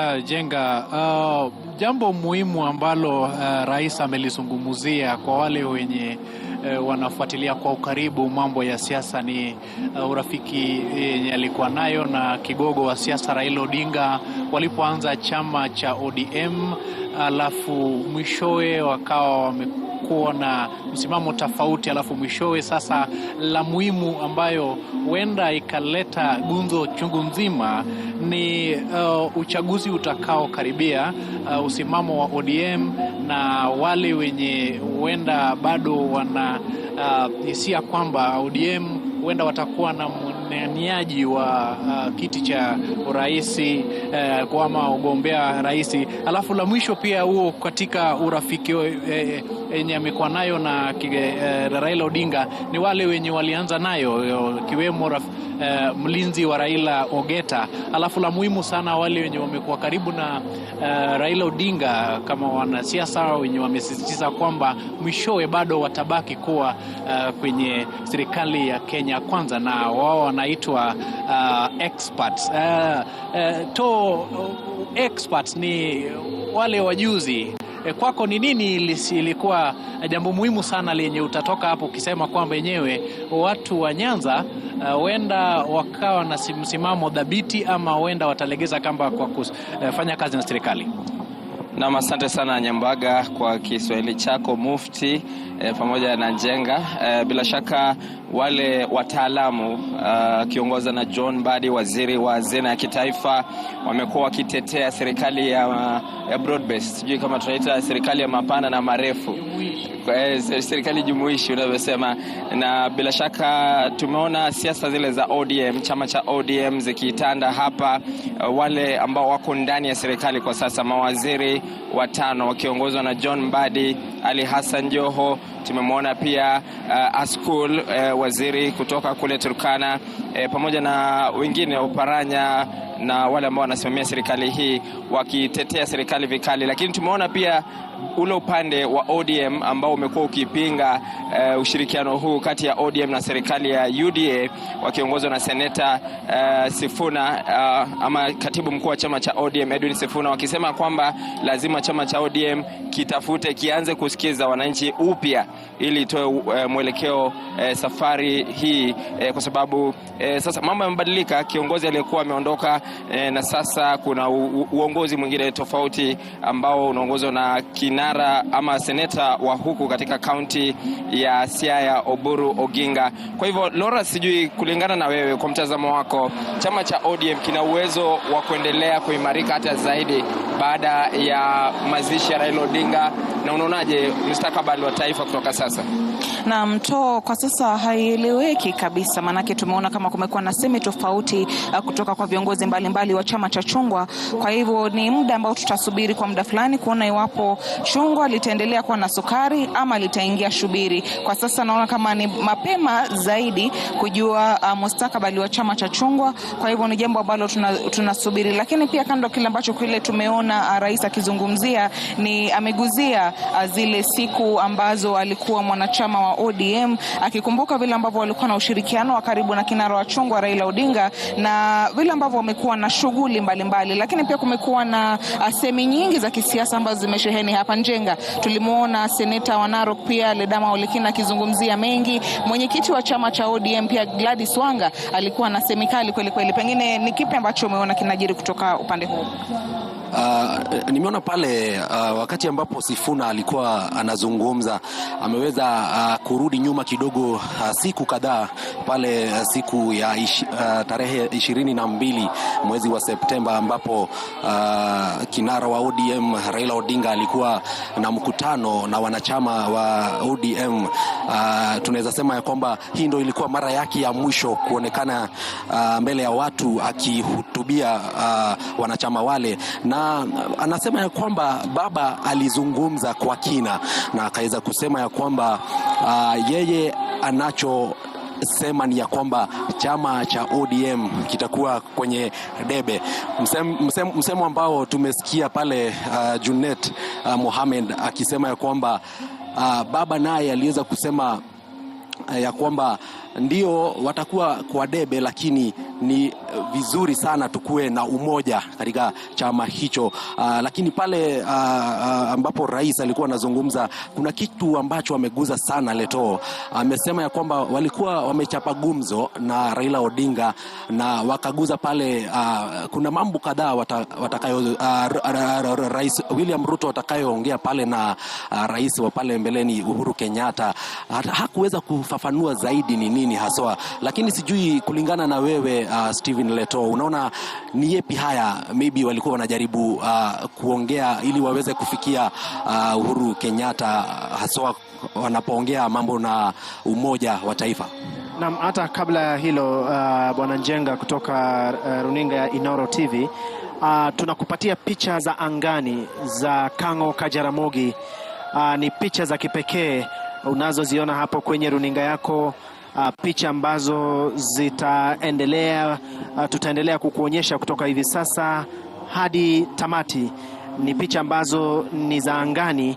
Uh, jenga uh, jambo muhimu ambalo uh, rais amelizungumzia kwa wale wenye e, wanafuatilia kwa ukaribu mambo ya siasa ni uh, urafiki yenye eh, alikuwa nayo na kigogo wa siasa Raila Odinga walipoanza chama cha ODM, alafu mwishowe wakawa wamekuwa na msimamo tofauti, alafu mwishowe sasa, la muhimu ambayo huenda ikaleta gunzo chungu nzima ni uh, uchaguzi utakaokaribia, uh, usimamo wa ODM na wale wenye huenda bado wana uh, hisia uh, kwamba ODM huenda watakuwa na mnaniaji wa uh, kiti cha urais uh, kwa ama ugombea rais. Alafu la mwisho pia huo katika urafiki yenye eh, eh, amekuwa nayo na eh, Raila Odinga ni wale wenye walianza nayo eh, kiwemo rafiki uh, mlinzi wa Raila Ogeta. Alafu la muhimu sana, wale wenye wamekuwa karibu na uh, Raila Odinga kama wanasiasa wenye wamesisitiza kwamba mwishowe bado watabaki kuwa uh, kwenye serikali ya Kenya Kwanza, na wao wanaitwa uh, experts. Uh, uh, to experts ni wale wajuzi e, kwako ni nini ilikuwa jambo muhimu sana lenye utatoka hapo ukisema kwamba wenyewe watu wa Nyanza eh, huenda uh, wakawa na msimamo dhabiti ama huenda watalegeza kamba kwa kufanya eh, kazi na serikali? Nam, asante sana Nyambaga kwa Kiswahili chako Mufti e, pamoja na Njenga e, bila shaka wale wataalamu akiongoza eh, na John Badi, waziri wa hazina ya kitaifa, wamekuwa wakitetea serikali ya, ya broad based, sijui kama tunaita serikali ya mapana na marefu eh, serikali jumuishi unavyosema, na bila shaka tumeona siasa zile za ODM, chama cha ODM zikitanda hapa. Uh, wale ambao wako ndani ya serikali kwa sasa, mawaziri watano wakiongozwa na John Mbadi ali Hassan Joho, tumemwona pia uh, Askul uh, waziri kutoka kule Turkana uh, pamoja na wengine Uparanya na wale ambao wanasimamia serikali hii wakitetea serikali vikali, lakini tumeona pia ule upande wa ODM ambao umekuwa ukipinga uh, ushirikiano huu kati ya ODM na serikali ya UDA wakiongozwa na seneta uh, Sifuna uh, ama katibu mkuu wa chama cha ODM Edwin Sifuna wakisema kwamba lazima chama cha ODM kitafute kianze kus kusikiza wananchi upya ili itoe e, mwelekeo e, safari hii e, kwa sababu e, sasa mambo yamebadilika. Kiongozi aliyekuwa ameondoka e, na sasa kuna u, uongozi mwingine tofauti ambao unaongozwa na kinara ama seneta wa huku katika kaunti ya Siaya Oburu Oginga. Kwa hivyo Laura, sijui kulingana na wewe, kwa mtazamo wako, chama cha ODM kina uwezo wa kuendelea kuimarika hata zaidi baada ya mazishi ya Raila Odinga, na unaonaje? aje mustakabali wa taifa kutoka sasa? Na mtoo kwa sasa haieleweki kabisa, maanake tumeona kama kumekuwa na semi tofauti uh, kutoka kwa viongozi mbalimbali mbali wa chama cha chungwa. Kwa hivyo ni muda ambao tutasubiri kwa muda fulani kuona iwapo chungwa litaendelea kuwa na sukari ama litaingia shubiri. Kwa sasa naona kama ni mapema zaidi kujua uh, mustakabali wa chama cha chungwa. Kwa hivyo ni jambo ambalo tunasubiri tuna, lakini pia kando kile ambacho kile tumeona uh, rais akizungumzia ni ameguzia uh, zile siku ambazo alikuwa mwanachama wa ODM, akikumbuka vile ambavyo walikuwa na ushirikiano wa karibu na kinara wa chungwa Raila Odinga na vile ambavyo wamekuwa na shughuli mbalimbali, lakini pia kumekuwa na uh, semi nyingi za kisiasa ambazo zimesheheni hapa Njenga. Tulimwona seneta wa Narok pia Ledama Olekina akizungumzia mengi, mwenyekiti wa chama cha ODM pia Gladys Wanga alikuwa na semikali kweli kweli. Pengine ni kipi ambacho umeona kinajiri kutoka upande huu? Uh, nimeona pale uh, wakati ambapo Sifuna alikuwa anazungumza ameweza uh, kurudi nyuma kidogo uh, siku kadhaa pale uh, siku ya ish, uh, tarehe ishirini na mbili mwezi wa Septemba ambapo uh, kinara wa ODM Raila Odinga alikuwa na mkutano na wanachama wa ODM. Uh, tunaweza sema ya kwamba hii ndio ilikuwa mara yake ya mwisho kuonekana uh, mbele ya watu akihutubia uh, wanachama wale na Ah, anasema ya kwamba baba alizungumza kwa kina na akaweza kusema ya kwamba uh, yeye anacho sema ni ya kwamba chama cha ODM kitakuwa kwenye debe. Msemo msem, msem ambao tumesikia pale uh, Junet uh, Mohamed akisema ya kwamba uh, baba naye aliweza kusema uh, ya kwamba ndio watakuwa kwa debe, lakini ni eh, vizuri sana tukuwe na umoja katika chama hicho. Uh, lakini pale uh, ambapo rais alikuwa anazungumza, kuna kitu ambacho ameguza sana Leto. Amesema uh, ya kwamba walikuwa wamechapa gumzo na Raila Odinga na wakaguza pale uh, kuna mambo kadhaa watakayo uh, rais William Ruto atakayoongea pale na uh, rais wa pale mbeleni Uhuru Kenyatta. Hakuweza kufafanua zaidi ni nini nini haswa, lakini sijui kulingana na wewe uh, Steven Leto, unaona ni yepi haya maybe walikuwa wanajaribu uh, kuongea ili waweze kufikia uh, Uhuru Kenyatta uh, haswa wanapoongea mambo na umoja wa taifa? Naam, hata kabla ya hilo uh, bwana Njenga kutoka uh, runinga ya Inoro TV uh, tunakupatia picha za angani za Kang'o kajaramogi Uh, ni picha za kipekee unazoziona hapo kwenye runinga yako uh, picha ambazo zitaendelea uh, tutaendelea kukuonyesha kutoka hivi sasa hadi tamati. Ni picha ambazo ni za angani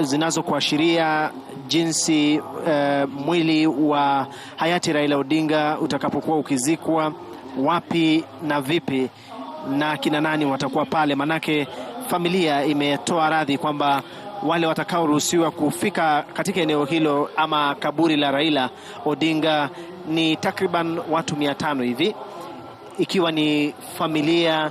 zinazokuashiria jinsi uh, mwili wa hayati Raila Odinga utakapokuwa ukizikwa, wapi na vipi na kina nani watakuwa pale, manake familia imetoa radhi kwamba wale watakaoruhusiwa kufika katika eneo hilo ama kaburi la Raila Odinga ni takriban watu mia tano hivi, ikiwa ni familia,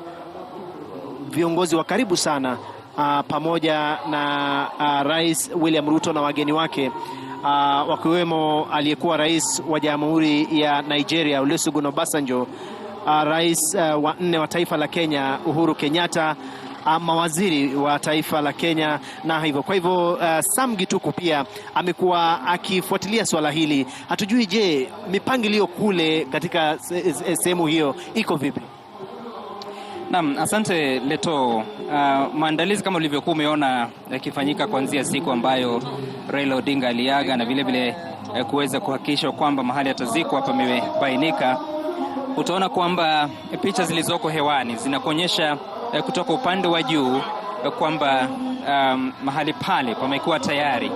viongozi wa karibu sana a, ah, pamoja na a, ah, Rais William Ruto na wageni wake a, ah, wakiwemo aliyekuwa rais wa Jamhuri ya Nigeria Olusegun Obasanjo, rais wa nne wa taifa la Kenya Uhuru Kenyatta Ah, mawaziri wa taifa la Kenya na hivyo kwa hivyo, uh, Sam Gituku pia amekuwa akifuatilia swala hili. Hatujui, je, mipangilio kule katika sehemu hiyo iko vipi? Naam, asante Leto. Uh, maandalizi kama ulivyokuwa umeona yakifanyika uh, kuanzia siku ambayo Raila Odinga aliaga na vilevile eh, uh, kuweza kuhakikisha kwamba mahali atazikwa hapa pamebainika. Utaona kwamba picha zilizoko hewani zinakuonyesha Eh, kutoka upande wa juu eh, kwamba um, mahali pale pamekuwa tayari.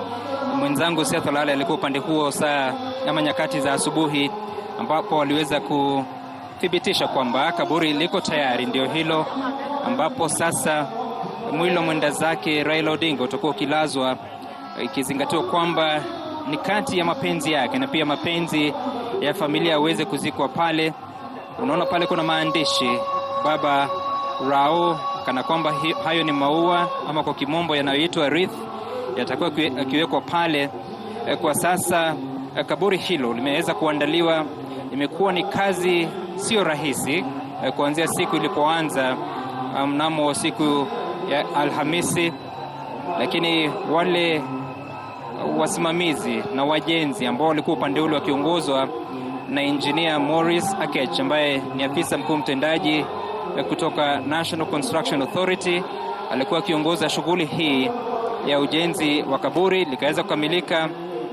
Mwenzangu Seth Olale alikuwa upande huo saa ama nyakati za asubuhi, ambapo waliweza kuthibitisha kwamba kaburi liko tayari. Ndio hilo ambapo sasa mwili wa mwenda zake Raila Odinga utakuwa ukilazwa, ikizingatiwa kwamba ni kati ya mapenzi yake na pia mapenzi ya familia aweze kuzikwa pale. Unaona pale kuna maandishi baba rao, kana kwamba hayo ni maua ama kwa kimombo yanayoitwa wreath, yatakuwa yakiwekwa pale. Eh, kwa sasa eh, kaburi hilo limeweza kuandaliwa. Imekuwa ni kazi sio rahisi eh, kuanzia siku ilipoanza mnamo siku ya Alhamisi, lakini wale wasimamizi na wajenzi ambao walikuwa upande ule wakiongozwa na injinia Morris Akech ambaye ni afisa mkuu mtendaji Eh, kutoka National Construction Authority alikuwa akiongoza shughuli hii ya ujenzi wa kaburi, likaweza kukamilika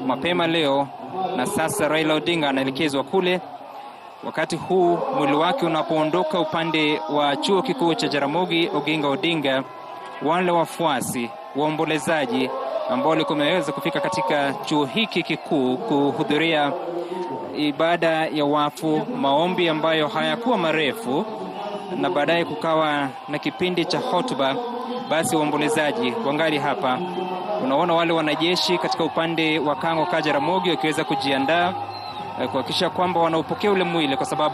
mapema leo, na sasa Raila Odinga anaelekezwa kule, wakati huu mwili wake unapoondoka upande wa chuo kikuu cha Jaramogi Oginga Odinga. Wale wafuasi waombolezaji ambao walikuwa wameweza kufika katika chuo hiki kikuu kuhudhuria ibada ya wafu, maombi ambayo hayakuwa marefu na baadaye kukawa na kipindi cha hotuba, basi waombolezaji wangali hapa. Unaona wale wanajeshi katika upande wa Kango Kajaramogi wakiweza kujiandaa eh, kuhakikisha kwamba wanaupokea ule mwili kwa sababu